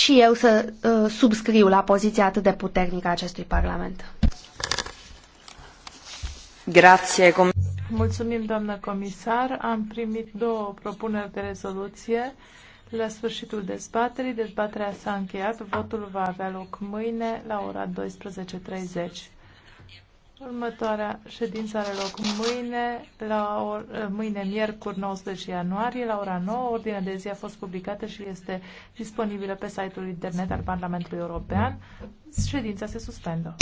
și eu să uh, subscriu la poziția atât de puternică a acestui Parlament. Grație, com Mulțumim, doamnă comisar. Am primit două propuneri de rezoluție. La sfârșitul dezbaterii, dezbaterea s-a încheiat. Votul va avea loc mâine la ora 12.30. Următoarea ședință are loc mâine, la or, eh, mâine miercuri 19 ianuarie, la ora 9. Ordinea de zi a fost publicată și este disponibilă pe site-ul internet al Parlamentului European. Ședința se suspendă.